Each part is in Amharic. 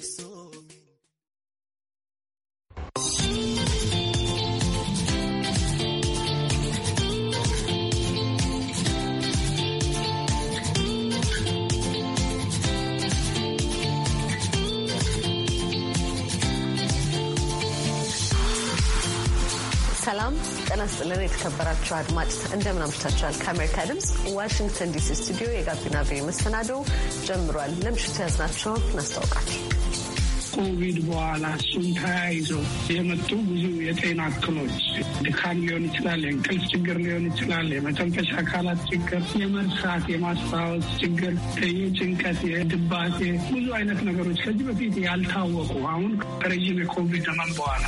ሰላም ጤና ይስጥልን። የተከበራችሁ አድማጭ እንደምን አምሽታችኋል? ከአሜሪካ ድምፅ ዋሽንግተን ዲሲ ስቱዲዮ የጋቢና ቪኦኤ መሰናዶ ጀምሯል። ለምሽቱ ያዝናቸውን እናስታውቃችሁ። ከኮቪድ በኋላ እሱም ተያይዞ የመጡ ብዙ የጤና እክሎች ድካም ሊሆን ይችላል፣ የእንቅልፍ ችግር ሊሆን ይችላል፣ የመተንፈሻ አካላት ችግር፣ የመርሳት የማስታወስ ችግር፣ የጭንቀት፣ የድባቴ ብዙ አይነት ነገሮች ከዚህ በፊት ያልታወቁ አሁን ከረዥም የኮቪድ ዘመን በኋላ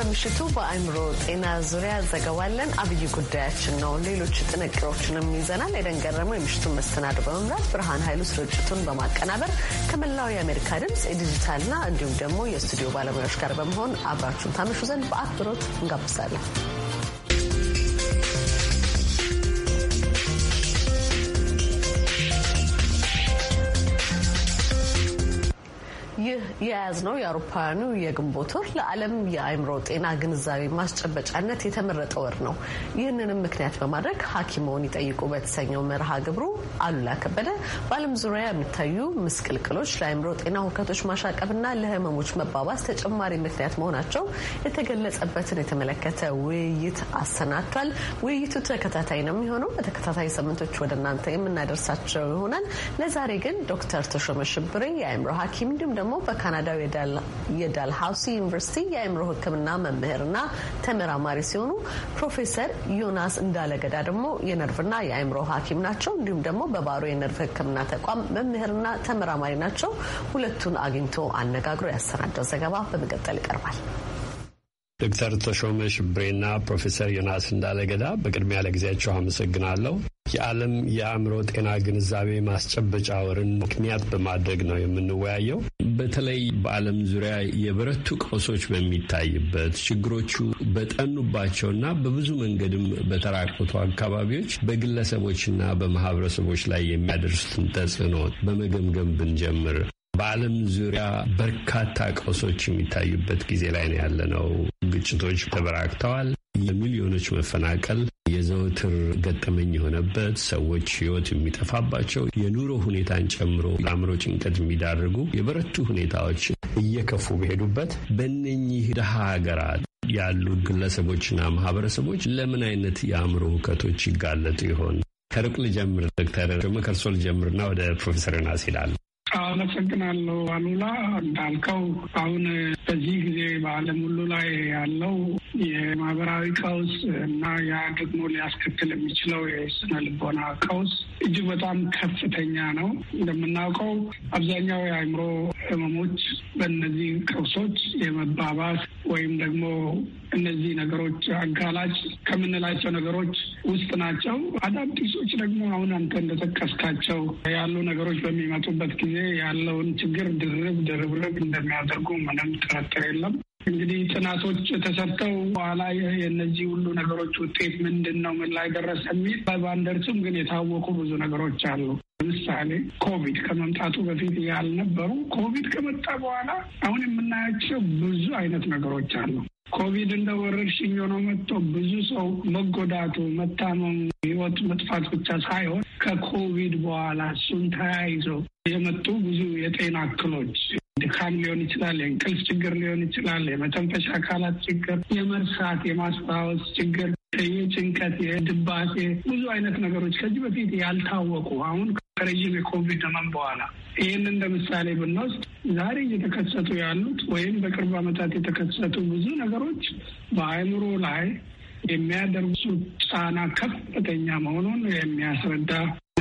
በምሽቱ በአእምሮ ጤና ዙሪያ ዘገባለን አብይ ጉዳያችን ነው። ሌሎች ጥንቅሮችንም ይዘናል። ኤደን ገረመው የምሽቱን መሰናዶ በመምራት ብርሃን ኃይሉ ስርጭቱን በማቀናበር ከመላው የአሜሪካ ድምፅ የዲጂታልና እንዲሁም ደግሞ የስቱዲዮ ባለሙያዎች ጋር በመሆን አብራችሁን ታመሹ ዘንድ በአክብሮት እንጋብዛለን። ይህ የያዝነው የአውሮፓውያኑ የግንቦት ወር ለዓለም የአእምሮ ጤና ግንዛቤ ማስጨበጫነት የተመረጠ ወር ነው። ይህንንም ምክንያት በማድረግ ሐኪሞውን ይጠይቁ በተሰኘው መርሃ ግብሩ አሉላ ከበደ በዓለም ዙሪያ የሚታዩ ምስቅልቅሎች ለአእምሮ ጤና ሁከቶች ማሻቀብና ለህመሞች መባባስ ተጨማሪ ምክንያት መሆናቸው የተገለጸበትን የተመለከተ ውይይት አሰናድቷል። ውይይቱ ተከታታይ ነው የሚሆነው። በተከታታይ ሳምንቶች ወደ እናንተ የምናደርሳቸው ይሆናል። ለዛሬ ግን ዶክተር ተሾመ ሽብሬ የአእምሮ ሐኪም እንዲሁም ደግሞ በካናዳው የዳል ሀውሲ ዩኒቨርሲቲ የአእምሮ ሕክምና መምህርና ተመራማሪ ሲሆኑ ፕሮፌሰር ዮናስ እንዳለገዳ ደግሞ የነርቭና የአእምሮ ሐኪም ናቸው። እንዲሁም ደግሞ በባሮ የነርቭ ሕክምና ተቋም መምህርና ተመራማሪ ናቸው። ሁለቱን አግኝቶ አነጋግሮ ያሰናዳው ዘገባ በመቀጠል ይቀርባል። ዶክተር ተሾመ ሽብሬና ፕሮፌሰር ዮናስ እንዳለገዳ በቅድሚያ ለጊዜያቸው አመሰግናለሁ። የዓለም የአእምሮ ጤና ግንዛቤ ማስጨበጫ ወርን ምክንያት በማድረግ ነው የምንወያየው። በተለይ በዓለም ዙሪያ የበረቱ ቀውሶች በሚታይበት ችግሮቹ በጠኑባቸውና በብዙ መንገድም በተራቆቱ አካባቢዎች በግለሰቦችና በማህበረሰቦች ላይ የሚያደርሱትን ተጽዕኖ በመገምገም ብንጀምር በዓለም ዙሪያ በርካታ ቀውሶች የሚታዩበት ጊዜ ላይ ነው ነው። ግጭቶች ተበራክተዋል። የሚሊዮኖች መፈናቀል የዘወትር ገጠመኝ የሆነበት ሰዎች ሕይወት የሚጠፋባቸው የኑሮ ሁኔታን ጨምሮ ለአእምሮ ጭንቀት የሚዳርጉ የበረቱ ሁኔታዎች እየከፉ በሄዱበት በእነኚህ ድሃ ሀገራት ያሉ ግለሰቦችና ማህበረሰቦች ለምን አይነት የአእምሮ ሁከቶች ይጋለጡ ይሆን? ከሩቅ ልጀምር ዶክተር መከርሶ ልጀምርና ወደ ፕሮፌሰር ናስ ይላል። አመሰግናለሁ አሉላ። እንዳልከው አሁን በዚህ ጊዜ በዓለም ሁሉ ላይ ያለው የማህበራዊ ቀውስ እና ያ ደግሞ ሊያስከትል የሚችለው የስነ ልቦና ቀውስ እጅግ በጣም ከፍተኛ ነው። እንደምናውቀው አብዛኛው የአእምሮ ህመሞች በእነዚህ ቀውሶች የመባባስ ወይም ደግሞ እነዚህ ነገሮች አጋላጭ ከምንላቸው ነገሮች ውስጥ ናቸው። አዳዲሶች ደግሞ አሁን አንተ እንደጠቀስካቸው ያሉ ነገሮች በሚመጡበት ጊዜ ያለውን ችግር ድርብ ድርብርብ እንደሚያደርጉ ምንም ጥርጥር የለም። እንግዲህ ጥናቶች ተሰርተው በኋላ የእነዚህ ሁሉ ነገሮች ውጤት ምንድን ነው ምን ላይ ደረሰ የሚል በባንደርስም ግን የታወቁ ብዙ ነገሮች አሉ። ለምሳሌ ኮቪድ ከመምጣቱ በፊት ያልነበሩ፣ ኮቪድ ከመጣ በኋላ አሁን የምናያቸው ብዙ አይነት ነገሮች አሉ። ኮቪድ እንደ ወረርሽኝ ሆኖ መጥቶ ብዙ ሰው መጎዳቱ፣ መታመሙ፣ ህይወት መጥፋት ብቻ ሳይሆን ከኮቪድ በኋላ እሱን ተያይዘው የመጡ ብዙ የጤና እክሎች ድካም ሊሆን ይችላል፣ የእንቅልፍ ችግር ሊሆን ይችላል፣ የመተንፈሻ አካላት ችግር፣ የመርሳት የማስታወስ ችግር፣ የጭንቀት፣ የድባሴ ብዙ አይነት ነገሮች ከዚህ በፊት ያልታወቁ አሁን ከረዥም የኮቪድ ዘመን በኋላ ይህን እንደ ምሳሌ ብንወስድ ዛሬ እየተከሰቱ ያሉት ወይም በቅርብ ዓመታት የተከሰቱ ብዙ ነገሮች በአእምሮ ላይ የሚያደርጉ ጫና ከፍተኛ መሆኑን የሚያስረዳ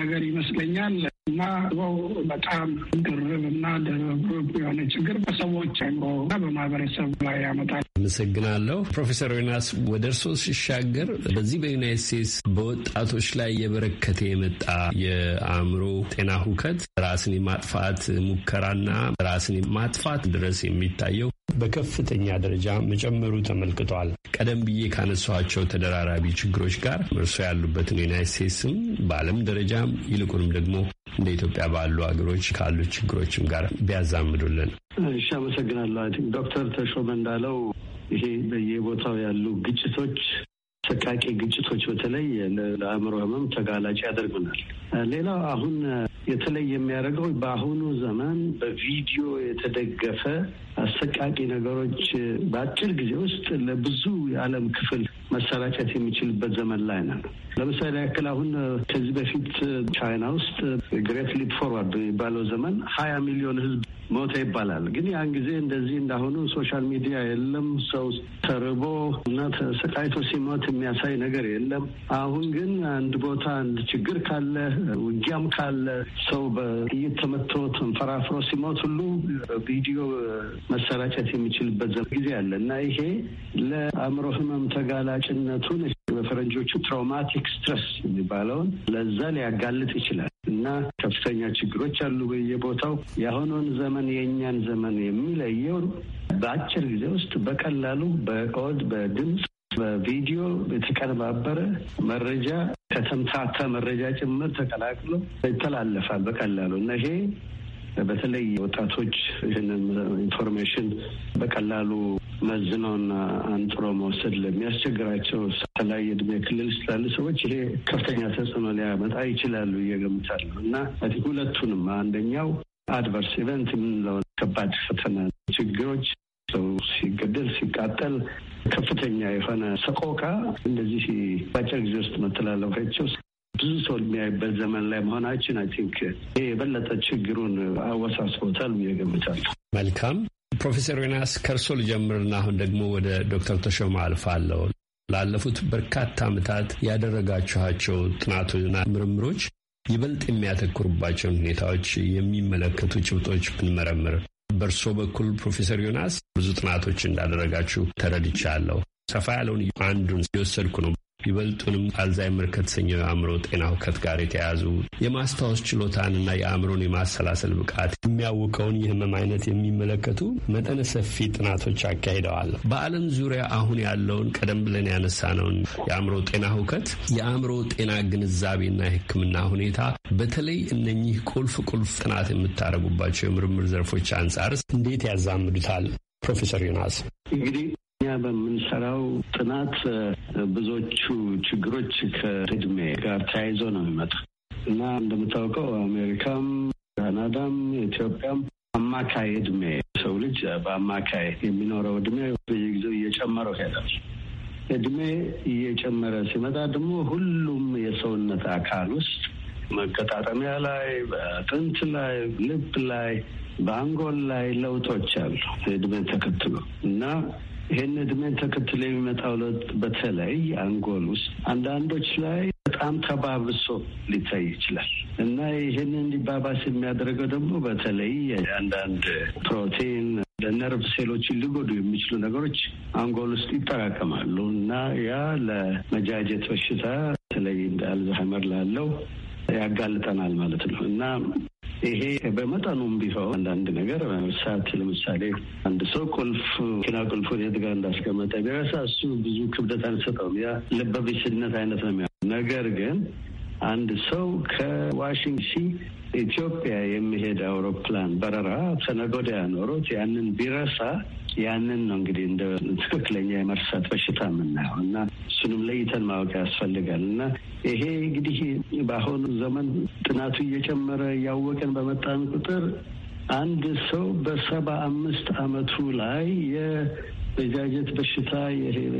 ነገር ይመስለኛል እና ው በጣም ድርብ እና ድርብ የሆነ ችግር በሰዎች አይምሮ እና በማህበረሰብ ላይ ያመጣል። አመሰግናለሁ ፕሮፌሰር ዮናስ ወደ እርስዎ ሲሻገር በዚህ በዩናይት ስቴትስ በወጣቶች ላይ የበረከተ የመጣ የአእምሮ ጤና ሁከት ራስን የማጥፋት ሙከራና ራስን የማጥፋት ድረስ የሚታየው በከፍተኛ ደረጃ መጨመሩ ተመልክቷል። ቀደም ብዬ ካነሷቸው ተደራራቢ ችግሮች ጋር እርሶ ያሉበትን ዩናይት ስቴትስም በዓለም ደረጃም ይልቁንም ደግሞ እንደ ኢትዮጵያ ባሉ ሀገሮች ካሉ ችግሮችም ጋር ቢያዛምዱልን። እሺ፣ አመሰግናለሁ። ዶክተር ተሾመ እንዳለው ይሄ በየቦታው ያሉ ግጭቶች ሰቃቂ ግጭቶች በተለይ ለአእምሮ ህመም ተጋላጭ ያደርጉናል። ሌላው አሁን የተለይ የሚያደርገው በአሁኑ ዘመን በቪዲዮ የተደገፈ አሰቃቂ ነገሮች በአጭር ጊዜ ውስጥ ለብዙ የዓለም ክፍል መሰራጨት የሚችልበት ዘመን ላይ ነው ለምሳሌ ያክል አሁን ከዚህ በፊት ቻይና ውስጥ ግሬት ሊፕ ፎርዋርድ የሚባለው ዘመን ሀያ ሚሊዮን ህዝብ ሞተ ይባላል። ግን ያን ጊዜ እንደዚህ እንዳሁኑ ሶሻል ሚዲያ የለም። ሰው ተርቦ እና ተሰቃይቶ ሲሞት የሚያሳይ ነገር የለም። አሁን ግን አንድ ቦታ አንድ ችግር ካለ፣ ውጊያም ካለ፣ ሰው በጥይት ተመቶ ተንፈራፍሮ ሲሞት ሁሉ ቪዲዮ መሰራጨት የሚችልበት ጊዜ አለ እና ይሄ ለአእምሮ ህመም ተጋላጭነቱን በፈረንጆቹ ትራውማቲክ ስትረስ የሚባለውን ለዛ ሊያጋልጥ ይችላል እና ከፍተኛ ችግሮች አሉ በየቦታው። የአሁኑን ዘመን የእኛን ዘመን የሚለየው በአጭር ጊዜ ውስጥ በቀላሉ በኦድ በድምፅ በቪዲዮ የተቀነባበረ መረጃ ከተምታታ መረጃ ጭምር ተቀላቅሎ ይተላለፋል በቀላሉ እና ይሄ በተለይ ወጣቶች ይህንን ኢንፎርሜሽን በቀላሉ መዝነውና አንጥሮ መውሰድ ለሚያስቸግራቸው የተለያየ እድሜ ክልል ስላሉ ሰዎች ይሄ ከፍተኛ ተጽዕኖ ሊያመጣ ይችላሉ እየገምታሉ እና ሁለቱንም አንደኛው አድቨርስ ኢቨንት የምንለው ከባድ ፈተና ችግሮች ሰው ሲገደል ሲቃጠል ከፍተኛ የሆነ ሰቆቃ እንደዚህ ባጭር ጊዜ ውስጥ መተላለፋቸው ብዙ ሰው የሚያይበት ዘመን ላይ መሆናችን አይ ቲንክ የበለጠ ችግሩን አወሳስቦታል እገምታለሁ። መልካም ፕሮፌሰር ዮናስ ከእርሶ ልጀምርና አሁን ደግሞ ወደ ዶክተር አልፋ አልፋለሁ። ላለፉት በርካታ ዓመታት ያደረጋችኋቸው ጥናቶችና ምርምሮች ይበልጥ የሚያተኩሩባቸውን ሁኔታዎች የሚመለከቱ ጭብጦች ብንመረምር፣ በእርሶ በኩል ፕሮፌሰር ዮናስ ብዙ ጥናቶች እንዳደረጋችሁ ተረድቻለሁ። ሰፋ ያለውን አንዱን የወሰድኩ ነው። ይበልጡንም አልዛይመር ከተሰኘው የአእምሮ ጤና ሁከት ጋር የተያያዙ የማስታወስ ችሎታንና የአእምሮን የማሰላሰል ብቃት የሚያውቀውን የህመም አይነት የሚመለከቱ መጠነ ሰፊ ጥናቶች አካሂደዋል። በዓለም ዙሪያ አሁን ያለውን ቀደም ብለን ያነሳነውን የአእምሮ ጤና ሁከት የአእምሮ ጤና ግንዛቤና የህክምና ሁኔታ በተለይ እነኚህ ቁልፍ ቁልፍ ጥናት የምታደርጉባቸው የምርምር ዘርፎች አንጻርስ እንዴት ያዛምዱታል? ፕሮፌሰር ዮናስ እንግዲህ በምንሰራው ጥናት ብዙዎቹ ችግሮች ከእድሜ ጋር ተያይዞ ነው የሚመጣ። እና እንደምታውቀው አሜሪካም፣ ካናዳም፣ ኢትዮጵያም አማካይ እድሜ ሰው ልጅ በአማካይ የሚኖረው እድሜ በየጊዜው እየጨመረው ሄዳል። እድሜ እየጨመረ ሲመጣ ደግሞ ሁሉም የሰውነት አካል ውስጥ መገጣጠሚያ ላይ፣ በአጥንት ላይ፣ ልብ ላይ፣ በአንጎል ላይ ለውጦች አሉ እድሜ ተከትሎ እና ይህን እድሜን ተከትሎ የሚመጣው ለውጥ በተለይ አንጎል ውስጥ አንዳንዶች ላይ በጣም ተባብሶ ሊታይ ይችላል እና ይህን እንዲባባስ የሚያደርገው ደግሞ በተለይ አንዳንድ ፕሮቲን ለነርቭ ሴሎችን ሊጎዱ የሚችሉ ነገሮች አንጎል ውስጥ ይጠራቀማሉ እና ያ ለመጃጀት በሽታ በተለይ እንደ አልዛሀመር ላለው ያጋልጠናል ማለት ነው እና ይሄ በመጠኑም ቢሆን አንዳንድ ነገር ምሳት ለምሳሌ አንድ ሰው ቁልፍ ኪና ቁልፍ የት ጋር እንዳስቀመጠ ቢረሳ እሱ ብዙ ክብደት አንሰጠውም። ያ ልበቢስነት አይነት ነው የሚያ ነገር ግን አንድ ሰው ከዋሽንግ ሲ ኢትዮጵያ የሚሄድ አውሮፕላን በረራ ሰነጎዳያ ኖሮት ያንን ቢረሳ ያንን ነው እንግዲህ እንደ ትክክለኛ የመርሳት በሽታ የምናየው እና እሱንም ለይተን ማወቅ ያስፈልጋል እና ይሄ እንግዲህ በአሁኑ ዘመን ጥናቱ እየጨመረ እያወቀን በመጣን ቁጥር አንድ ሰው በሰባ አምስት አመቱ ላይ የመጃጀት በሽታ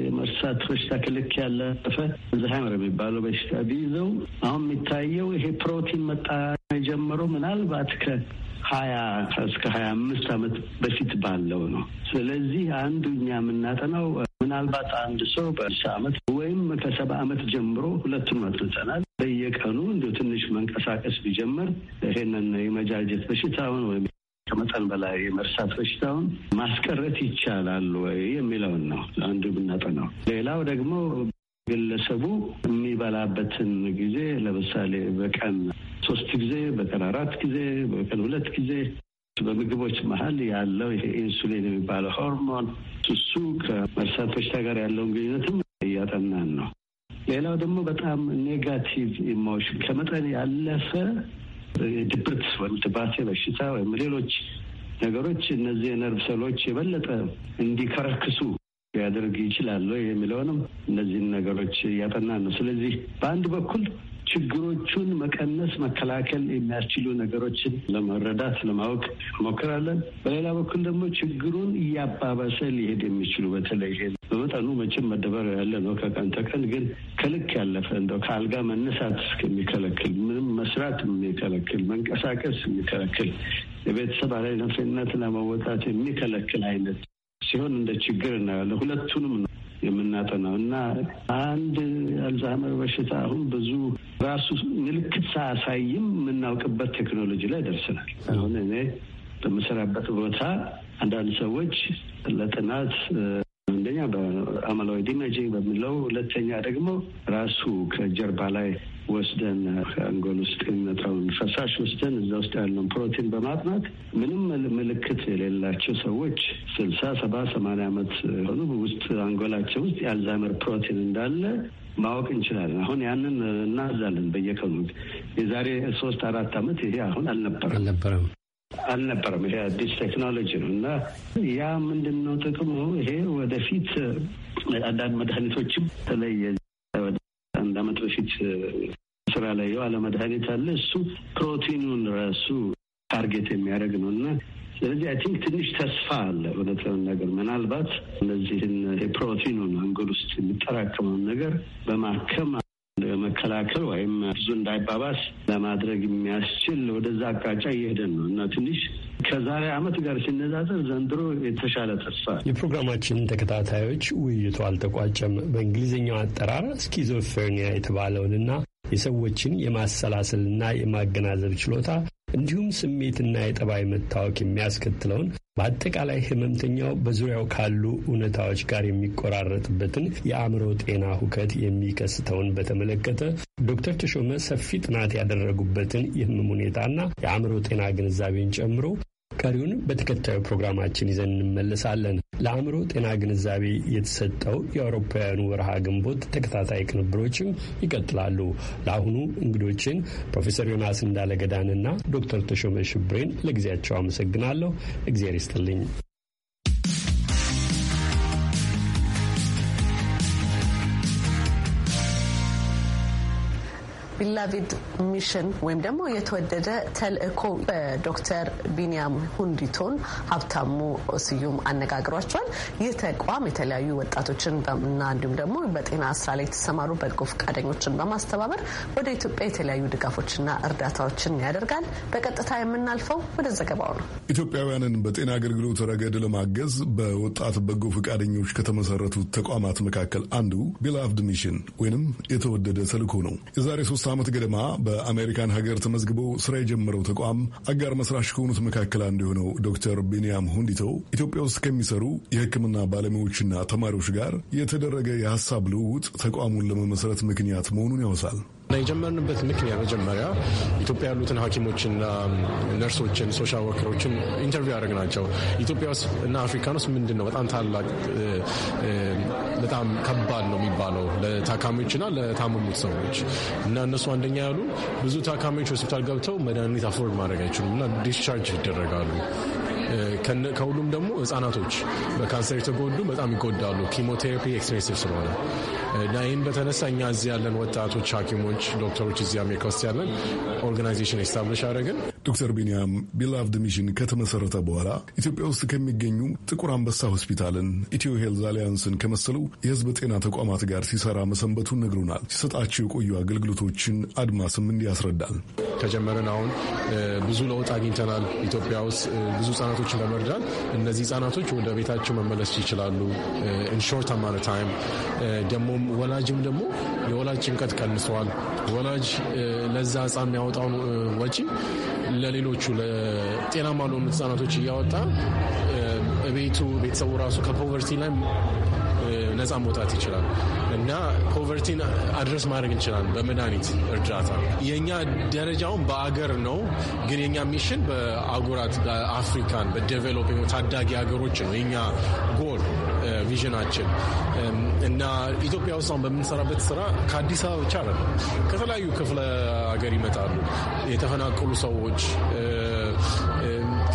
የመርሳት በሽታ ክልክ ያለፈ ዝሃይመር የሚባለው በሽታ ቢይዘው አሁን የሚታየው ይሄ ፕሮቲን መጣ የጀመረው ምናልባት ከ ሀያ እስከ ሀያ አምስት አመት በፊት ባለው ነው። ስለዚህ አንዱ እኛ የምናጠናው ምናልባት አንድ ሰው በስልሳ አመት ወይም ከሰባ አመት ጀምሮ ሁለቱን አጥንተናል። በየቀኑ እንዲሁ ትንሽ መንቀሳቀስ ቢጀምር ይሄንን የመጃጀት በሽታውን ወይም ከመጠን በላይ የመርሳት በሽታውን ማስቀረት ይቻላል ወይ የሚለውን ነው አንዱ የምናጠናው። ሌላው ደግሞ ግለሰቡ የሚበላበትን ጊዜ ለምሳሌ በቀን ሶስት ጊዜ በቀን አራት ጊዜ በቀን ሁለት ጊዜ በምግቦች መሀል ያለው ኢንሱሊን የሚባለው ሆርሞን እሱ ከመርሳት በሽታ ጋር ያለውን ግንኙነትም እያጠናን ነው። ሌላው ደግሞ በጣም ኔጋቲቭ ኢሞሽን ከመጠን ያለፈ ድብርት ወይም ትባቴ በሽታ ወይም ሌሎች ነገሮች እነዚህ የነርቭ ሰሎች የበለጠ እንዲከረክሱ ሊያደርግ ይችላሉ የሚለውንም እነዚህን ነገሮች እያጠናን ነው። ስለዚህ በአንድ በኩል ችግሮቹን መቀነስ፣ መከላከል የሚያስችሉ ነገሮችን ለመረዳት ለማወቅ እንሞክራለን። በሌላ በኩል ደግሞ ችግሩን እያባበሰ ሊሄድ የሚችሉ በተለይ በመጠኑ መቼም መደበር ያለ ነው ከቀን ተቀን ግን ከልክ ያለፈ እንደው ከአልጋ መነሳት እስከሚከለክል ምንም መስራት የሚከለክል መንቀሳቀስ የሚከለክል የቤተሰብ ኃላፊነትን ለመወጣት የሚከለክል አይነት ሲሆን እንደ ችግር እናያለን። ሁለቱንም ነው የምናጠናው እና አንድ አልዛይመር በሽታ አሁን ብዙ ራሱ ምልክት ሳያሳይም የምናውቅበት ቴክኖሎጂ ላይ ደርስናል። አሁን እኔ በምሰራበት ቦታ አንዳንድ ሰዎች ለጥናት አንደኛ በአመላዊ ኢሜጂንግ በሚለው ሁለተኛ ደግሞ ራሱ ከጀርባ ላይ ወስደን አንጎል ውስጥ የሚመጣውን ፈሳሽ ወስደን እዛ ውስጥ ያለውን ፕሮቲን በማጥናት ምንም ምልክት የሌላቸው ሰዎች ስልሳ ሰባ ሰማንያ ዓመት ሆኑ ውስጥ አንጎላቸው ውስጥ የአልዛይመር ፕሮቲን እንዳለ ማወቅ እንችላለን። አሁን ያንን እናዛለን በየቀኑ። የዛሬ ሶስት አራት ዓመት ይሄ አሁን አልነበረም አልነበረም አልነበረም። ይሄ አዲስ ቴክኖሎጂ ነው እና ያ ምንድን ነው ጥቅሙ? ይሄ ወደፊት አንዳንድ መድኃኒቶችም ተለየ ልጅ ስራ ላይ የዋለ መድኃኒት አለ። እሱ ፕሮቲኑን ራሱ ታርጌት የሚያደርግ ነው እና ስለዚህ አይ ቲንክ ትንሽ ተስፋ አለ። እውነት ለመናገር ምናልባት እነዚህን የፕሮቲኑን አንጎል ውስጥ የሚጠራቀመውን ነገር በማከም ለመከላከል ወይም ብዙ እንዳይባባስ ለማድረግ የሚያስችል ወደዛ አቅጣጫ እየሄደን ነው እና ትንሽ ከዛሬ ዓመት ጋር ሲነጻጸር ዘንድሮ የተሻለ ተስፋ። የፕሮግራማችን ተከታታዮች ውይይቱ አልተቋጨም። በእንግሊዝኛው አጠራር ስኪዞፍሬኒያ የተባለውንና የሰዎችን የማሰላሰልና የማገናዘብ ችሎታ እንዲሁም ስሜትና የጠባይ መታወክ የሚያስከትለውን በአጠቃላይ ህመምተኛው በዙሪያው ካሉ እውነታዎች ጋር የሚቆራረጥበትን የአእምሮ ጤና ሁከት የሚከስተውን በተመለከተ ዶክተር ተሾመ ሰፊ ጥናት ያደረጉበትን የህመም ሁኔታና የአእምሮ ጤና ግንዛቤን ጨምሮ ቀሪውን በተከታዩ ፕሮግራማችን ይዘን እንመለሳለን። ለአእምሮ ጤና ግንዛቤ የተሰጠው የአውሮፓውያኑ ወርሃ ግንቦት ተከታታይ ቅንብሮችም ይቀጥላሉ። ለአሁኑ እንግዶችን ፕሮፌሰር ዮናስ እንዳለገዳንና ዶክተር ተሾመ ሽብሬን ለጊዜያቸው አመሰግናለሁ። እግዜር ይስጥልኝ። ቢላቪድ ሚሽን ወይም ደግሞ የተወደደ ተልእኮ በዶክተር ቢንያም ሁንዲቶን ሀብታሙ ስዩም አነጋግሯቸዋል። ይህ ተቋም የተለያዩ ወጣቶችን እና እንዲሁም ደግሞ በጤና ስራ ላይ የተሰማሩ በጎ ፈቃደኞችን በማስተባበር ወደ ኢትዮጵያ የተለያዩ ድጋፎችና እርዳታዎችን ያደርጋል። በቀጥታ የምናልፈው ወደ ዘገባው ነው። ኢትዮጵያውያንን በጤና አገልግሎት ረገድ ለማገዝ በወጣት በጎ ፈቃደኞች ከተመሰረቱት ተቋማት መካከል አንዱ ቢላቭድ ሚሽን ወይንም የተወደደ ተልእኮ ነው። የዛሬ ሶስት ዓመት ገደማ በአሜሪካን ሀገር ተመዝግበው ስራ የጀመረው ተቋም አጋር መስራች ከሆኑት መካከል አንዱ የሆነው ዶክተር ቢንያም ሁንዲተው ኢትዮጵያ ውስጥ ከሚሰሩ የሕክምና ባለሙያዎችና ተማሪዎች ጋር የተደረገ የሀሳብ ልውውጥ ተቋሙን ለመመስረት ምክንያት መሆኑን ያወሳል። እና የጀመርንበት ምክንያት መጀመሪያ ኢትዮጵያ ያሉትን ሐኪሞችና ነርሶችን፣ ሶሻል ወርከሮችን ኢንተርቪው ናቸው። ኢትዮጵያ ውስጥ እና አፍሪካን ውስጥ ምንድን ነው በጣም ታላቅ በጣም ከባድ ነው የሚባለው ለታካሚዎችና ለታመሙት ሰዎች እና እነሱ አንደኛ ያሉ ብዙ ታካሚዎች ሆስፒታል ገብተው መድኃኒት አፎርድ ማድረግ አይችሉም እና ዲስቻርጅ ይደረጋሉ። ከሁሉም ደግሞ ህጻናቶች በካንሰር የተጎዱ በጣም ይጎዳሉ፣ ኪሞቴራፒ ኤክስፔንሲቭ ስለሆነ እና ይህም በተነሳ እኛ እዚህ ያለን ወጣቶች፣ ሐኪሞች፣ ዶክተሮች እዚህ አሜሪካ ውስጥ ያለን ኦርጋናይዜሽን ኤስታብሊሽ አድረግን። ዶክተር ቢንያም ቢላቭድ ሚሽን ከተመሰረተ በኋላ ኢትዮጵያ ውስጥ ከሚገኙ ጥቁር አንበሳ ሆስፒታልን፣ ኢትዮ ሄልዝ አሊያንስን ከመሰሉ የህዝብ ጤና ተቋማት ጋር ሲሰራ መሰንበቱን ነግሩናል። ሲሰጣቸው የቆዩ አገልግሎቶችን አድማስም እንዲህ ያስረዳል። ከጀመረን አሁን ብዙ ለውጥ አግኝተናል። ኢትዮጵያ ውስጥ ብዙ ህጻናቶችን በመርዳት እነዚህ ህጻናቶች ወደ ቤታቸው መመለስ ይችላሉ ኢንሾርት አማነ ታይም ደግሞ ወላጅም ደግሞ የወላጅ ጭንቀት ቀንሰዋል። ወላጅ ለዛ ህፃን የሚያወጣውን ወጪ ለሌሎቹ ለጤናማ ለሆኑ ህጻናቶች እያወጣ ቤቱ ቤተሰቡ ራሱ ከፖቨርቲ ላይ ነፃ መውጣት ይችላል እና ፖቨርቲን አድረስ ማድረግ እንችላለን በመድኃኒት እርዳታ። የእኛ ደረጃውን በአገር ነው፣ ግን የኛ ሚሽን በአጉራት በአፍሪካን በዴቨሎፒንግ ታዳጊ ሀገሮች ነው የኛ ጎል ቪዥናችን እና ኢትዮጵያ ውስጥ አሁን በምንሰራበት ስራ ከአዲስ አበባ ብቻ አለ ከተለያዩ ክፍለ ሀገር ይመጣሉ የተፈናቀሉ ሰዎች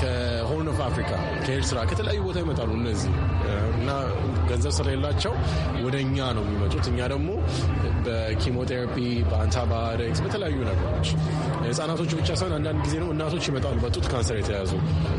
ከሆርን ኦፍ አፍሪካ፣ ከኤርትራ፣ ከተለያዩ ቦታ ይመጣሉ እነዚህ እና ገንዘብ ስለሌላቸው ወደ እኛ ነው የሚመጡት። እኛ ደግሞ በኪሞቴራፒ በአንታባሪክስ፣ በተለያዩ ነገሮች ህጻናቶች ብቻ ሳይሆን አንዳንድ ጊዜ ነው እናቶች ይመጣሉ በጡት ካንሰር የተያዙ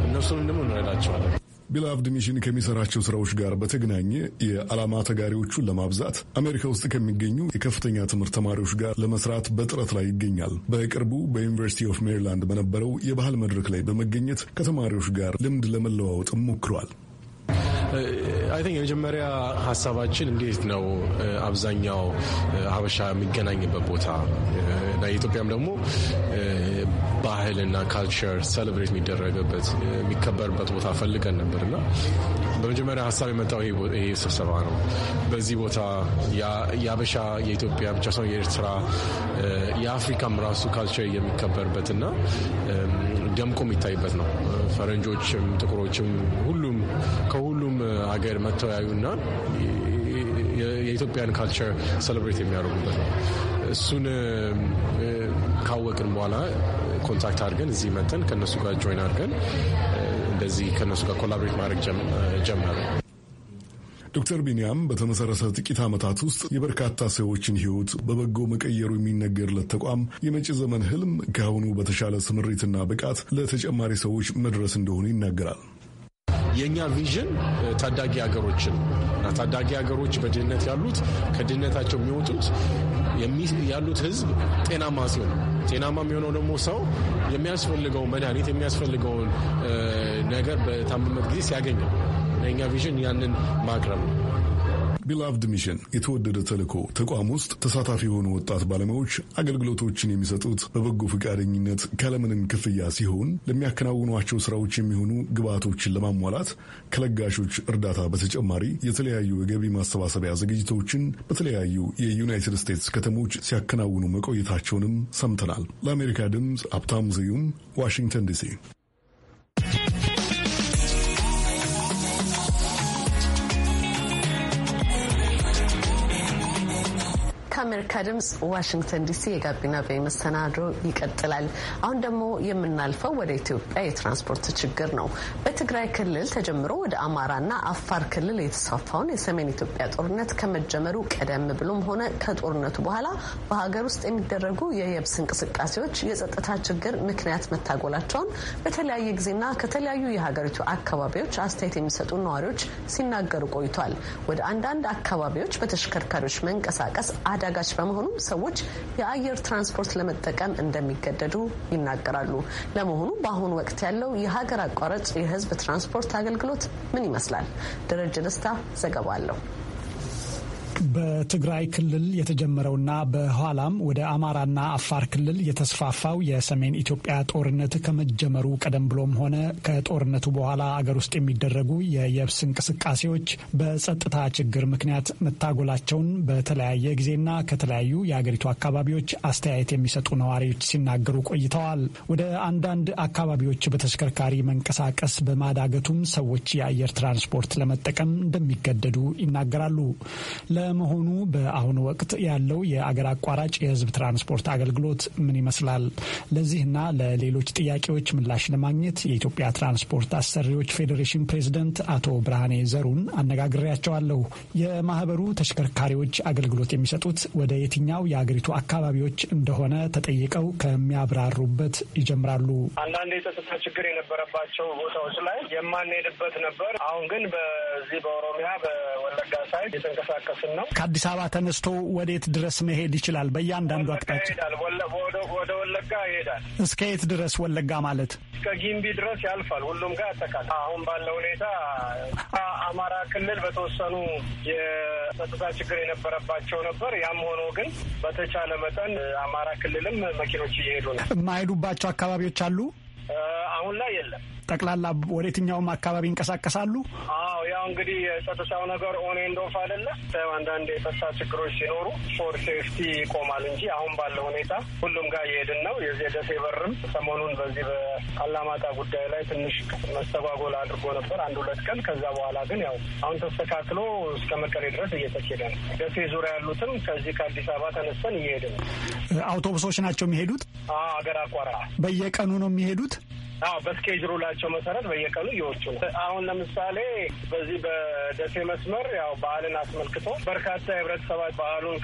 እነሱንም ደግሞ እንረዳቸዋለን። ቢላቭድ ሚሽን ከሚሰራቸው ስራዎች ጋር በተገናኘ የዓላማ ተጋሪዎቹን ለማብዛት አሜሪካ ውስጥ ከሚገኙ የከፍተኛ ትምህርት ተማሪዎች ጋር ለመስራት በጥረት ላይ ይገኛል። በቅርቡ በዩኒቨርሲቲ ኦፍ ሜሪላንድ በነበረው የባህል መድረክ ላይ በመገኘት ከተማሪዎች ጋር ልምድ ለመለዋወጥ ሞክሯል። አይ ቲንክ የመጀመሪያ ሀሳባችን እንዴት ነው አብዛኛው ሀበሻ የሚገናኝበት ቦታ እና ኢትዮጵያም ደግሞ ባህልና ካልቸር ሰለብሬት የሚደረግበት የሚከበርበት ቦታ ፈልገን ነበር እና በመጀመሪያ ሀሳብ የመጣው ይሄ ስብሰባ ነው። በዚህ ቦታ የአበሻ የኢትዮጵያ ብቻ ሳይሆን የኤርትራ የአፍሪካም ራሱ ካልቸር የሚከበርበት እና ደምቆ የሚታይበት ነው። ፈረንጆችም ጥቁሮችም ሁሉም ከሁሉም ሀገር መተወያዩና የኢትዮጵያን ካልቸር ሰለብሬት የሚያደርጉበት ነው። እሱን ካወቅን በኋላ ኮንታክት አድርገን እዚህ መተን ከነሱ ጋር ጆይን አድርገን እንደዚህ ከነሱ ጋር ኮላብሬት ማድረግ ጀመር። ዶክተር ቢንያም በተመሰረተ ጥቂት ዓመታት ውስጥ የበርካታ ሰዎችን ሕይወት በበጎ መቀየሩ የሚነገርለት ተቋም የመጪ ዘመን ህልም ከአሁኑ በተሻለ ስምሪትና ብቃት ለተጨማሪ ሰዎች መድረስ እንደሆነ ይናገራል። የእኛ ቪዥን ታዳጊ ሀገሮችን እና ታዳጊ ሀገሮች በድህነት ያሉት ከድህነታቸው የሚወጡት ያሉት ህዝብ ጤናማ ሲሆን፣ ጤናማ የሚሆነው ደግሞ ሰው የሚያስፈልገውን መድኃኒት የሚያስፈልገውን ነገር በታመመበት ጊዜ ሲያገኘው ለእኛ ቪዥን ያንን ማቅረብ ነው። ቢላቭድ ሚሽን የተወደደ ተልእኮ ተቋም ውስጥ ተሳታፊ የሆኑ ወጣት ባለሙያዎች አገልግሎቶችን የሚሰጡት በበጎ ፈቃደኝነት ካለምንም ክፍያ ሲሆን ለሚያከናውኗቸው ስራዎች የሚሆኑ ግብዓቶችን ለማሟላት ከለጋሾች እርዳታ በተጨማሪ የተለያዩ የገቢ ማሰባሰቢያ ዝግጅቶችን በተለያዩ የዩናይትድ ስቴትስ ከተሞች ሲያከናውኑ መቆየታቸውንም ሰምተናል። ለአሜሪካ ድምፅ ሀብታሙ ስዩም ዋሽንግተን ዲሲ። ከአሜሪካ ድምጽ ዋሽንግተን ዲሲ የጋቢና ቤ መሰናዶ ይቀጥላል። አሁን ደግሞ የምናልፈው ወደ ኢትዮጵያ የትራንስፖርት ችግር ነው። በትግራይ ክልል ተጀምሮ ወደ አማራና አፋር ክልል የተስፋፋውን የሰሜን ኢትዮጵያ ጦርነት ከመጀመሩ ቀደም ብሎም ሆነ ከጦርነቱ በኋላ በሀገር ውስጥ የሚደረጉ የየብስ እንቅስቃሴዎች የጸጥታ ችግር ምክንያት መታጎላቸውን በተለያየ ጊዜና ከተለያዩ የሀገሪቱ አካባቢዎች አስተያየት የሚሰጡ ነዋሪዎች ሲናገሩ ቆይቷል። ወደ አንዳንድ አካባቢዎች በተሽከርካሪዎች መንቀሳቀስ አዳ። አዳጋች በመሆኑም ሰዎች የአየር ትራንስፖርት ለመጠቀም እንደሚገደዱ ይናገራሉ። ለመሆኑ በአሁኑ ወቅት ያለው የሀገር አቋራጭ የህዝብ ትራንስፖርት አገልግሎት ምን ይመስላል? ደረጀ ደስታ ዘገባ አለው። በትግራይ ክልል የተጀመረውና በኋላም ወደ አማራና አፋር ክልል የተስፋፋው የሰሜን ኢትዮጵያ ጦርነት ከመጀመሩ ቀደም ብሎም ሆነ ከጦርነቱ በኋላ አገር ውስጥ የሚደረጉ የየብስ እንቅስቃሴዎች በጸጥታ ችግር ምክንያት መታጎላቸውን በተለያየ ጊዜና ከተለያዩ የአገሪቱ አካባቢዎች አስተያየት የሚሰጡ ነዋሪዎች ሲናገሩ ቆይተዋል። ወደ አንዳንድ አካባቢዎች በተሽከርካሪ መንቀሳቀስ በማዳገቱም ሰዎች የአየር ትራንስፖርት ለመጠቀም እንደሚገደዱ ይናገራሉ። ለመሆኑ በአሁኑ ወቅት ያለው የአገር አቋራጭ የህዝብ ትራንስፖርት አገልግሎት ምን ይመስላል? ለዚህና ለሌሎች ጥያቄዎች ምላሽ ለማግኘት የኢትዮጵያ ትራንስፖርት አሰሪዎች ፌዴሬሽን ፕሬዝደንት አቶ ብርሃኔ ዘሩን አነጋግሬያቸዋለሁ። የማህበሩ ተሽከርካሪዎች አገልግሎት የሚሰጡት ወደ የትኛው የአገሪቱ አካባቢዎች እንደሆነ ተጠይቀው ከሚያብራሩበት ይጀምራሉ። አንዳንድ የጸጥታ ችግር የነበረባቸው ቦታዎች ላይ የማንሄድበት ነበር። አሁን ግን በዚህ በኦሮሚያ በወለጋ ሳይድ የተንቀሳቀስን ነው። ከአዲስ አበባ ተነስቶ ወዴት ድረስ መሄድ ይችላል? በእያንዳንዱ አቅጣጫ ወደ ወለጋ ይሄዳል። እስከ የት ድረስ ወለጋ ማለት? እስከ ጊምቢ ድረስ ያልፋል። ሁሉም ጋር ያጠቃል። አሁን ባለው ሁኔታ አማራ ክልል በተወሰኑ የጸጥታ ችግር የነበረባቸው ነበር። ያም ሆኖ ግን በተቻለ መጠን አማራ ክልልም መኪኖች እየሄዱ ነው። የማይሄዱባቸው አካባቢዎች አሉ። አሁን ላይ የለም። ጠቅላላ ወደ የትኛውም አካባቢ ይንቀሳቀሳሉ? አዎ ያው እንግዲህ የጸጥታው ነገር ኦኔ ኤንድ ኦፍ አይደለ። አንዳንድ የጸጥታ ችግሮች ሲኖሩ ፎር ሴፍቲ ይቆማል እንጂ አሁን ባለ ሁኔታ ሁሉም ጋር እየሄድን ነው። የዚህ ደሴ በርም ሰሞኑን በዚህ በአላማጣ ጉዳይ ላይ ትንሽ መስተጓጎል አድርጎ ነበር አንድ ሁለት ቀን። ከዛ በኋላ ግን ያው አሁን ተስተካክሎ እስከ መቀሌ ድረስ እየተኬደ ነው። ደሴ ዙሪያ ያሉትም ከዚህ ከአዲስ አበባ ተነስተን እየሄድ ነው። አውቶቡሶች ናቸው የሚሄዱት። አገር አቋራ በየቀኑ ነው የሚሄዱት አዎ በስኬጅሩላቸው መሰረት በየቀኑ እየወጡ አሁን ለምሳሌ በዚህ በደሴ መስመር ያው በዓልን አስመልክቶ በርካታ የህብረተሰባት በዓሉን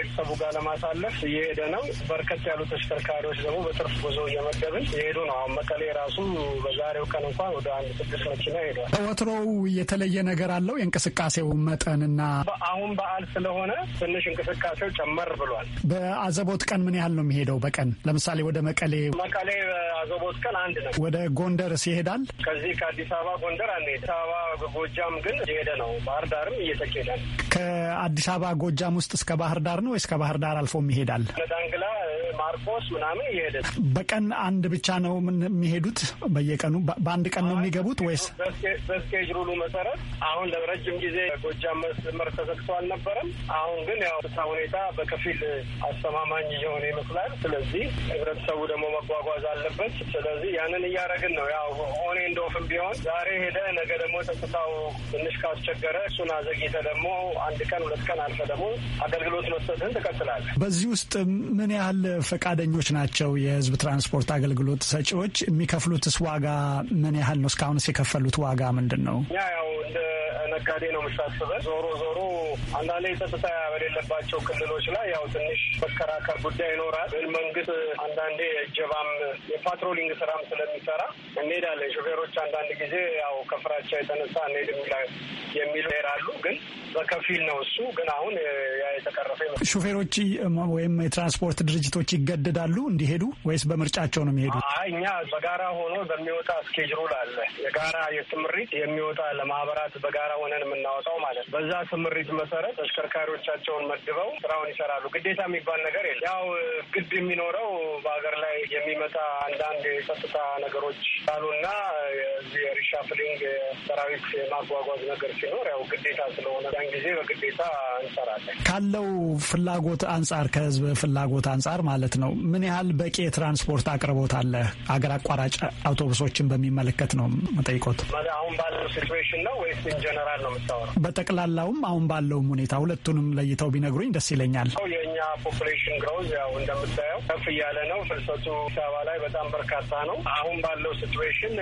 ከቤተሰቡ ጋር ለማሳለፍ እየሄደ ነው። በርከት ያሉ ተሽከርካሪዎች ደግሞ በትርፍ ጉዞ እየመደብን የሄዱ ነው። አሁን መቀሌ ራሱ በዛሬው ቀን እንኳን ወደ አንድ ስድስት መኪና ሄዷል። ከወትሮው የተለየ ነገር አለው የእንቅስቃሴው መጠንና አሁን በዓል ስለሆነ ትንሽ እንቅስቃሴው ጨመር ብሏል። በአዘቦት ቀን ምን ያህል ነው የሚሄደው በቀን ለምሳሌ ወደ መቀሌ መቀሌ አዘቦት ቀን አንድ ነው። ወደ ጎንደርስ ይሄዳል። ከዚህ ከአዲስ አበባ ጎንደር አንሄድ። አዲስ አበባ ጎጃም ግን እየሄደ ነው። ባህር ዳርም እየተኬዳል። ከአዲስ አበባ ጎጃም ውስጥ እስከ ባህር ዳር ነው ወይስ ከባህር ዳር አልፎ ይሄዳል? በዳንግላ ማርቆስ ምናምን እየሄደ በቀን አንድ ብቻ ነው የሚሄዱት? በየቀኑ በአንድ ቀን ነው የሚገቡት ወይስ በስኬጅሩሉ መሰረት? አሁን ለረጅም ጊዜ ጎጃም መስመር ተዘግቶ አልነበረም። አሁን ግን ያው ሳ ሁኔታ በከፊል አስተማማኝ እየሆነ ይመስላል። ስለዚህ ህብረተሰቡ ደግሞ መጓጓዝ አለበት። ስለዚህ ያንን እያደረግን ነው። ያው ኦኔ እንደወፍም ቢሆን ዛሬ ሄደ ነገ ደግሞ ተስታው ትንሽ ካስቸገረ እሱን አዘግይተ ደግሞ አንድ ቀን ሁለት ቀን አልፈ ደግሞ አገልግሎት መስጠት ማድረስን ትቀጥላለህ። በዚህ ውስጥ ምን ያህል ፈቃደኞች ናቸው የህዝብ ትራንስፖርት አገልግሎት ሰጪዎች? የሚከፍሉትስ ዋጋ ምን ያህል ነው? እስካሁንስ የከፈሉት ዋጋ ምንድን ነው? ያው እንደ ነጋዴ ነው የምታስበ ዞሮ ዞሮ አንዳንዴ ጸጥታ በሌለባቸው ክልሎች ላይ ያው ትንሽ መከራከር ጉዳይ ይኖራል። ግን መንግስት አንዳንዴ እጀባም የፓትሮሊንግ ስራም ስለሚሰራ እንሄዳለን። ሹፌሮች አንዳንድ ጊዜ ያው ከፍራቻ የተነሳ እንሄድም የሚሉ ይሄዳሉ። ግን በከፊል ነው እሱ። ግን አሁን ያ የተቀረፈ ሹፌሮች ወይም የትራንስፖርት ድርጅቶች ይገደዳሉ እንዲሄዱ ወይስ በምርጫቸው ነው የሚሄዱ? እኛ በጋራ ሆኖ በሚወጣ ስኬጅሩል አለ የጋራ የትምሪት የሚወጣ ለማህበራት በጋራ ሆነን የምናወጣው ማለት ነው። በዛ ስምሪት መሰረት ተሽከርካሪዎቻቸውን መድበው ስራውን ይሰራሉ። ግዴታ የሚባል ነገር የለም። ያው ግድ የሚኖረው በሀገር ላይ የሚመጣ አንዳንድ የጸጥታ ነገሮች ካሉና የዚህ የሪሻፍሊንግ ሰራዊት የማጓጓዝ ነገር ሲኖር ያው ግዴታ ስለሆነ ያን ጊዜ በግዴታ እንሰራለን። ካለው ፍላጎት አንጻር ከህዝብ ፍላጎት አንጻር ማለት ነው ምን ያህል በቂ የትራንስፖርት አቅርቦት አለ? አገር አቋራጭ አውቶቡሶችን በሚመለከት ነው መጠይቆት። አሁን ባለው ሲትዌሽን ነው ወይስ ኢን ጀነራል ነው የምታወራው። በጠቅላላውም አሁን ባለውም ሁኔታ ሁለቱንም ለይተው ቢነግሩኝ ደስ ይለኛል። የእኛ ፖፑሌሽን ግሮዝ ያው እንደምታየው ከፍ እያለ ነው። ፍልሰቱ አዲስ አበባ ላይ በጣም በርካታ ነው። አሁን ባለው ሲትዌሽን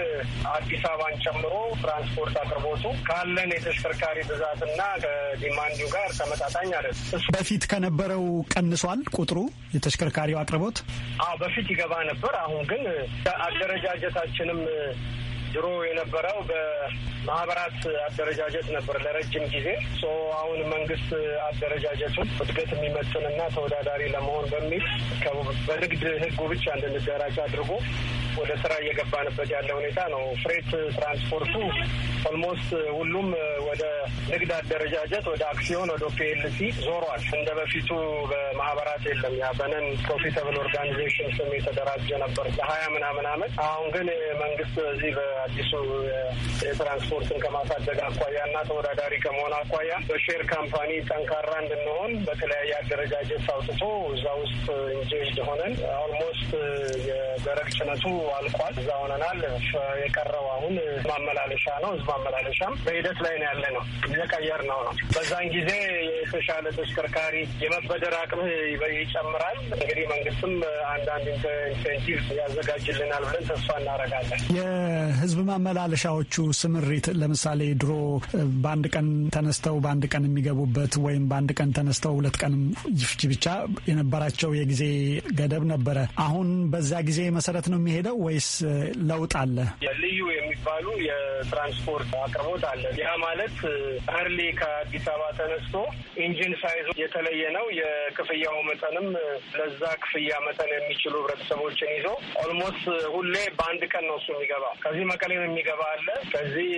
አዲስ አበባን ጨምሮ ትራንስፖርት አቅርቦቱ ካለን የተሽከርካሪ ብዛትና ከዲማንዱ ጋር ተመጣጣኝ አይደለም። በፊት ከነበረው ቀንሷል ቁጥሩ የተሽከርካሪው አቅርቦት። አዎ በፊት ይገባ ነበር። አሁን ግን አደረጃጀታችንም ድሮ የነበረው በማህበራት አደረጃጀት ነበር ለረጅም ጊዜ ሶ አሁን መንግስት አደረጃጀቱን እድገት የሚመጥንና ተወዳዳሪ ለመሆን በሚል በንግድ ህጉ ብቻ እንድንደራጅ አድርጎ ወደ ስራ እየገባንበት ያለ ሁኔታ ነው። ፍሬት ትራንስፖርቱ ኦልሞስት ሁሉም ወደ ንግድ አደረጃጀት፣ ወደ አክሲዮን፣ ወደ ፒኤልሲ ዞሯል። እንደ በፊቱ በማህበራት የለም። ያ በነን ፕሮፊታብል ኦርጋኒዜሽን ስም የተደራጀ ነበር ለሀያ ምናምን አመት። አሁን ግን መንግስት በዚህ በአዲሱ የትራንስፖርትን ከማሳደግ አኳያ እና ተወዳዳሪ ከመሆን አኳያ በሼር ካምፓኒ ጠንካራ እንድንሆን በተለያየ አደረጃጀት አውጥቶ እዛ ውስጥ ኢንጌጅድ ሆነን ኦልሞስት ደረቅ ጭነቱ አልቋል። እዛ ሆነናል። የቀረው አሁን ማመላለሻ ነው። ህዝብ ማመላለሻም በሂደት ላይ ነው ያለ ነው። እየቀየር ነው ነው። በዛን ጊዜ የተሻለ ተሽከርካሪ የመበደር አቅም ይጨምራል። እንግዲህ መንግስትም አንዳንድ ኢንሴንቲቭ ያዘጋጅልናል ብለን ተስፋ እናደርጋለን። የህዝብ ማመላለሻዎቹ ስምሪት ለምሳሌ ድሮ በአንድ ቀን ተነስተው በአንድ ቀን የሚገቡበት ወይም በአንድ ቀን ተነስተው ሁለት ቀን ይፍጅ ብቻ የነበራቸው የጊዜ ገደብ ነበረ። አሁን በዛ ጊዜ መሰረት ነው የሚሄደው ወይስ ለውጥ አለ? ልዩ የሚባሉ የትራንስፖርት አቅርቦት አለ። ያ ማለት እርሊ ከአዲስ አበባ ተነስቶ ኢንጂን ሳይዞ የተለየ ነው። የክፍያው መጠንም ለዛ ክፍያ መጠን የሚችሉ ህብረተሰቦችን ይዞ ኦልሞስት ሁሌ በአንድ ቀን ነው እሱ የሚገባ። ከዚህ መቀሌም የሚገባ አለ። ከዚህ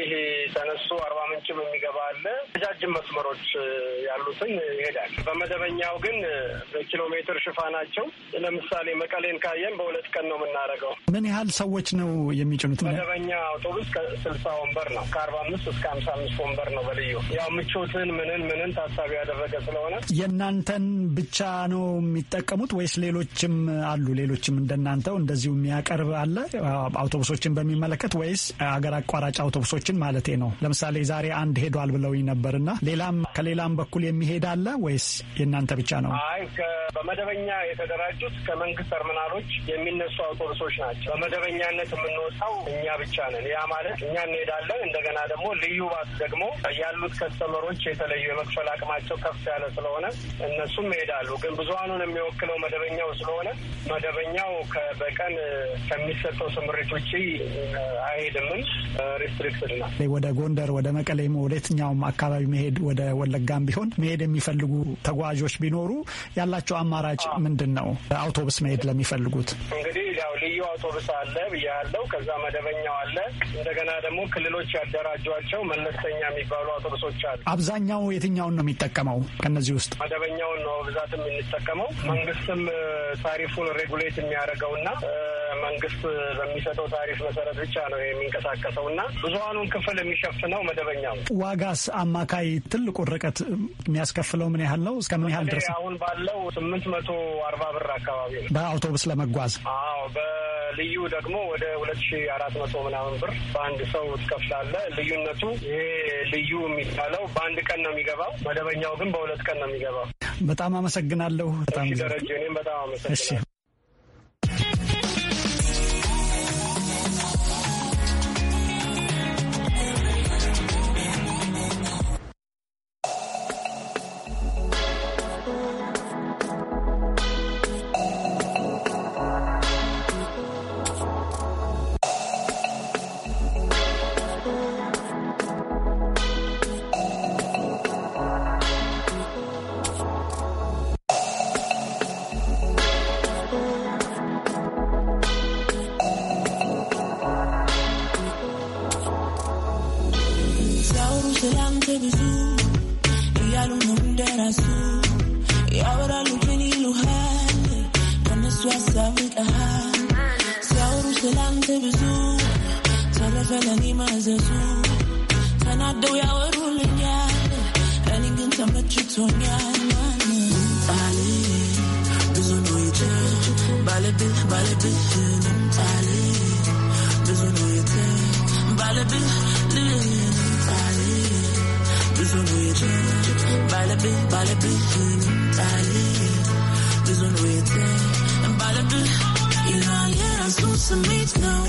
ተነስቶ አርባ ምንጭም የሚገባ አለ። ረጃጅም መስመሮች ያሉትን ይሄዳል። በመደበኛው ግን በኪሎ ሜትር ሽፋናቸው ለምሳሌ መቀሌን ካየን በሁለት ቀን ነው የምናደርገው። ምን ያህል ሰዎች ነው የሚጭኑት? መደበኛ አውቶቡስ ከስልሳ ወንበር ነው ከአርባ አምስት እስከ ሀምሳ አምስት ወንበር ነው በልዩ ያው ምቾትን ምንን ምንን ታሳቢ ያደረገ ስለሆነ የእናንተን ብቻ ነው የሚጠቀሙት ወይስ ሌሎችም አሉ? ሌሎችም እንደናንተው እንደዚሁ የሚያቀርብ አለ አውቶቡሶችን በሚመለከት ወይስ አገር አቋራጭ አውቶቡሶችን ማለቴ ነው። ለምሳሌ ዛሬ አንድ ሄዷል ብለውኝ ነበርና ሌላም ከሌላም በኩል የሚሄድ አለ ወይስ የእናንተ ብቻ ነው? አይ በመደበኛ የተደራጁት ከመንግስት ተርሚናሎች የሚነሱ አውቶቡሶች ናቸው። በመደበኛነት የምንወጣው እኛ ብቻ ነን። ያ ማለት እኛ እንሄዳለን። እንደገና ደግሞ ልዩ ባስ ደግሞ ያሉት ከስተመሮች የተለዩ የመክፈል አቅማቸው ከፍ ያለ ስለሆነ እነሱም ይሄዳሉ። ግን ብዙሀኑን የሚወክለው መደበኛው ስለሆነ መደበኛው በቀን ከሚሰጠው ስምሪት ውጭ አይሄድምም። ሪስትሪክትድ ነው። ወደ ጎንደር፣ ወደ መቀሌም ወደ የትኛውም አካባቢ መሄድ ወደ ወለጋም ቢሆን መሄድ የሚፈልጉ ተጓዦች ቢኖሩ ያላቸው አማራጭ ምንድን ነው? አውቶቡስ መሄድ ለሚፈልጉት እንግዲህ out ልዩ አውቶቡስ አለ ብያለው። ከዛ መደበኛው አለ። እንደገና ደግሞ ክልሎች ያደራጇቸው መለስተኛ የሚባሉ አውቶቡሶች አሉ። አብዛኛው የትኛውን ነው የሚጠቀመው? ከነዚህ ውስጥ መደበኛውን ነው ብዛት የምንጠቀመው። መንግስትም ታሪፉን ሬጉሌት የሚያደርገው እና መንግስት በሚሰጠው ታሪፍ መሰረት ብቻ ነው የሚንቀሳቀሰው እና ብዙሀኑን ክፍል የሚሸፍነው መደበኛው። ዋጋስ አማካይ ትልቁ ርቀት የሚያስከፍለው ምን ያህል ነው? እስከ ምን ያህል ድረስ? አሁን ባለው ስምንት መቶ አርባ ብር አካባቢ ነው በአውቶቡስ ለመጓዝ። አዎ ልዩ ደግሞ ወደ ሁለት ሺ አራት መቶ ምናምን ብር በአንድ ሰው ትከፍላለ። ልዩነቱ ይሄ ልዩ የሚባለው በአንድ ቀን ነው የሚገባው፣ መደበኛው ግን በሁለት ቀን ነው የሚገባው። በጣም አመሰግናለሁ። በጣም ደረጀ፣ እኔም በጣም አመሰግናለሁ። You know,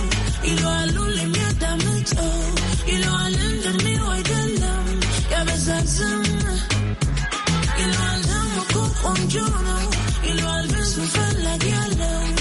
you know, I'll be so fun like you know.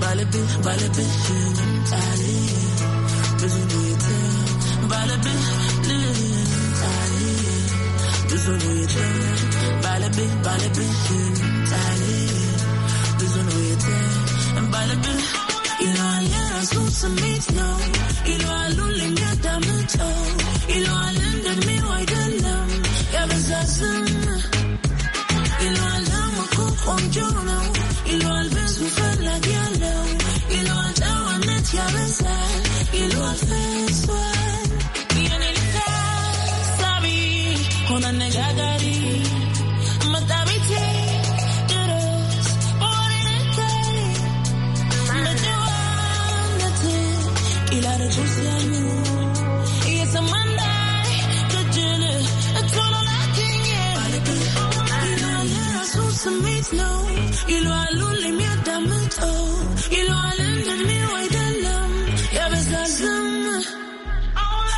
ባለብህ ባለብህ ልምጣል ብዙ ቤት ባለብህ ልምጣል ብዙ ቤት ባለብህ ስሜት ነው ይለዋል ሁሌም ያዳምጠው ይለዋል እንደሚው አይደለም ያበዛዝም ይለዋል ለሞኮ ቆንጆ ነው You know I lose me at the middle. You know I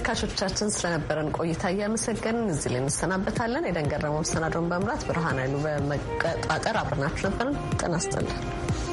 ተመልካቾቻችን ስለነበረን ቆይታ እያመሰገንን እዚህ ላይ እንሰናበታለን። የደንገረመው መሰናዶውን በመምራት ብርሃን ኃይሉ በመቀጣጠር አብረናችሁ ነበርን። ጤና ይስጥልን።